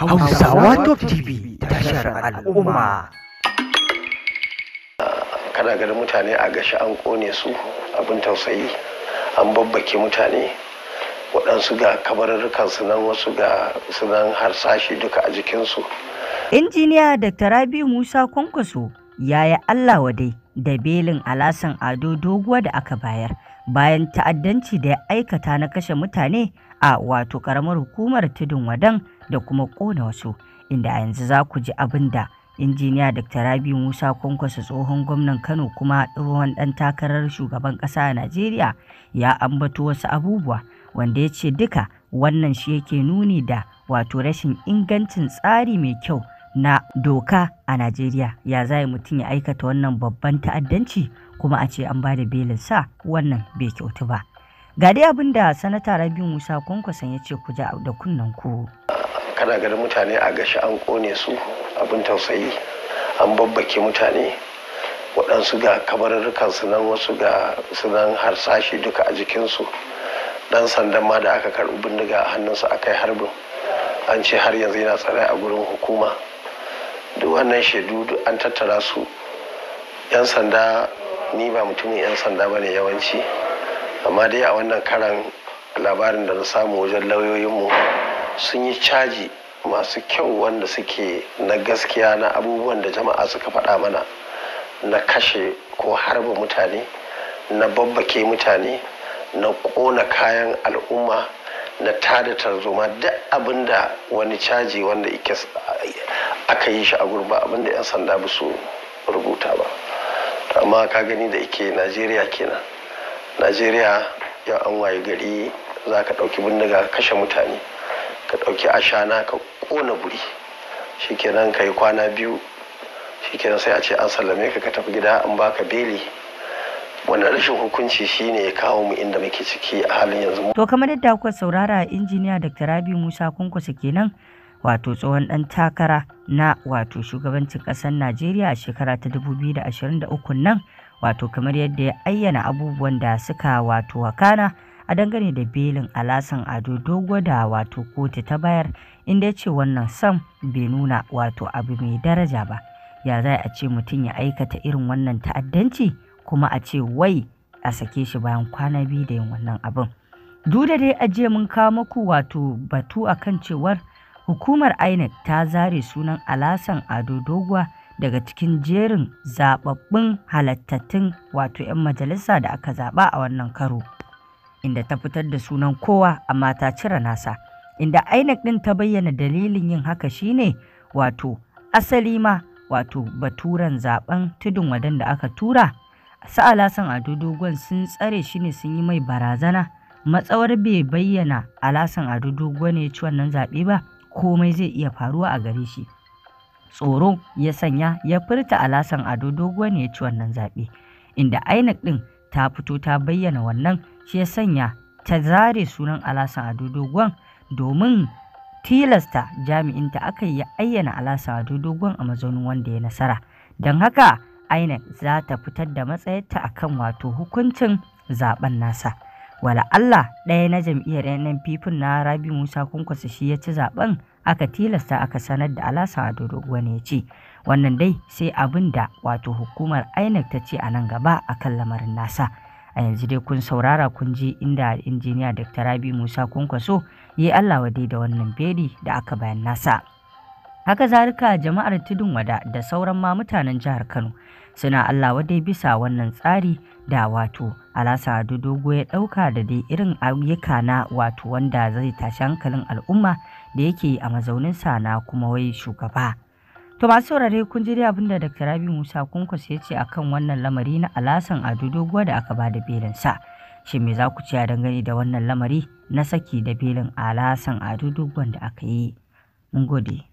Hausawa Top TV tashar al'umma. Kana ganin mutane a gashi an kone su abin tausayi an babbake mutane waɗansu ga kabarurrukan sunan wasu ga sunan harsashi duka a jikinsu. Injiniya Dr. Rabi Musa Kwankwaso ya yi Allah wadai da belin alasan ado doguwa da aka bayar bayan ta'addanci da ya aikata na kashe mutane a wato ƙaramar hukumar tudun wadan da kuma kona wasu, inda a yanzu za ku ji abin da injiniya Dr. Rabi Musa Kwankwaso tsohon gwamnan Kano kuma tsohon ɗan takarar shugaban ƙasa a Najeriya ya ambato wasu abubuwa wanda ya ce duka wannan shi yake nuni da wato rashin ingancin tsari mai kyau na doka a Najeriya ya zai mutum ya aikata wannan babban ta'addanci kuma a ce an ba da sa wannan bai kyautu ba. Ga dai abin da sanata Rabi Musa Kwankwason ya ce ku ja da kunnen ku. kana ganin mutane a gashi an kone su abin tausayi an babbake mutane waɗansu ga kabarurrukan su nan wasu ga sunan harsashi duka a jikinsu dan sandan ma da aka karɓi bindiga a hannunsu akai kai harbin an ce har yanzu yana tsare a gurin hukuma duk wannan shaidu an tattara su 'yan sanda ni ba mutumin 'yan sanda ba ne yawanci amma dai a wannan karan labarin da na samu wajen lauyoyinmu sun yi caji masu kyau wanda suke na gaskiya na abubuwan da jama'a suka faɗa mana na kashe ko harba mutane na babbake mutane na ƙona kayan al'umma na tada tarzoma duk abinda wani caji wanda aka yi shi a gurba abinda 'yan sanda ba su rubuta ba amma ka gani da ike najeriya kenan najeriya yau an waye gari za ka ɗauki bindiga kashe mutane ɗauki ashana ka ƙona buri shikenan ka yi kwana biyu shikenan sai a ce an sallame ka ka tafi gida an baka beli wannan rashin hukunci shine ya kawo mu inda muke ciki a halin yanzu to kamar yadda kuka saurara injiniya dr rabi musa kunkusa kenan wato tsohon dan takara na wato shugabancin kasar najeriya a shekara ta 2023 nan wato kamar yadda ya ayyana abubuwan da suka wato wakana a dangane da belin alasan ado dogo da wato kotu ta bayar inda ya ce wannan sam bai nuna wato abu mai daraja ba ya zai a ce mutum ya aikata irin wannan ta'addanci kuma a ce wai a sake shi bayan kwana biyu da yin wannan abin duda dai ajiye mun kawo muku wato batu akan cewar hukumar inec ta zare sunan alasan ado doguwa daga cikin jerin zababbun halattattun wato 'yan majalisa da aka zaba a wannan karo. inda ta fitar da sunan kowa amma ta cire nasa inda INEC ɗin ta bayyana dalilin yin haka shine wato asali ma wato baturen zaben tudun wadan da aka tura sa alasan adudogon sun tsare shi ne sun yi mai barazana matsawar bai bayyana alasan adudogon dogon ya ci wannan zaɓe ba komai zai iya faruwa a gare shi tsoro ya sanya ya furta alasan ado ne ya ci wannan zaɓe inda INEC ɗin ta fito ta bayyana wannan shi ya sanya ta zare sunan alasan ado dogon domin tilasta jami'inta aka yi ayyana alasan ado dogon a mazaunin wanda ya nasara don haka inec za ta fitar da matsayarta akan wato hukuncin zaben nasa wala Allah ɗaya na jam'iyyar NNPP na Rabi Musa Kunkwasa shi ya ci zaben aka tilasta aka sanar da alasan Ado dogon ya ce wannan dai sai abin da wato hukumar INEC ta ce a nan gaba akan lamarin nasa. a yanzu dai kun saurara kun ji inda injiniya dr rabi musa kunkwaso ya allah wadai da wannan beri da aka bayan nasa haka zarika jama'ar tudun wada da sauran ma mutanen jihar kano suna allah wadai bisa wannan tsari da wato alasa dogo ya ɗauka da dai irin ayyuka na wato wanda zai tashi hankalin al'umma da yake a mazauninsa na kuma wai shugaba To masu saurare kun ji abin da Dr. Rabi Musa Kunkus ya ce akan wannan lamari na alasan ado doguwa da aka bada belin sa. Shi me za ku ci a dangane da wannan lamari na saki da belin alasan ado doguwan da aka yi? Mun gode.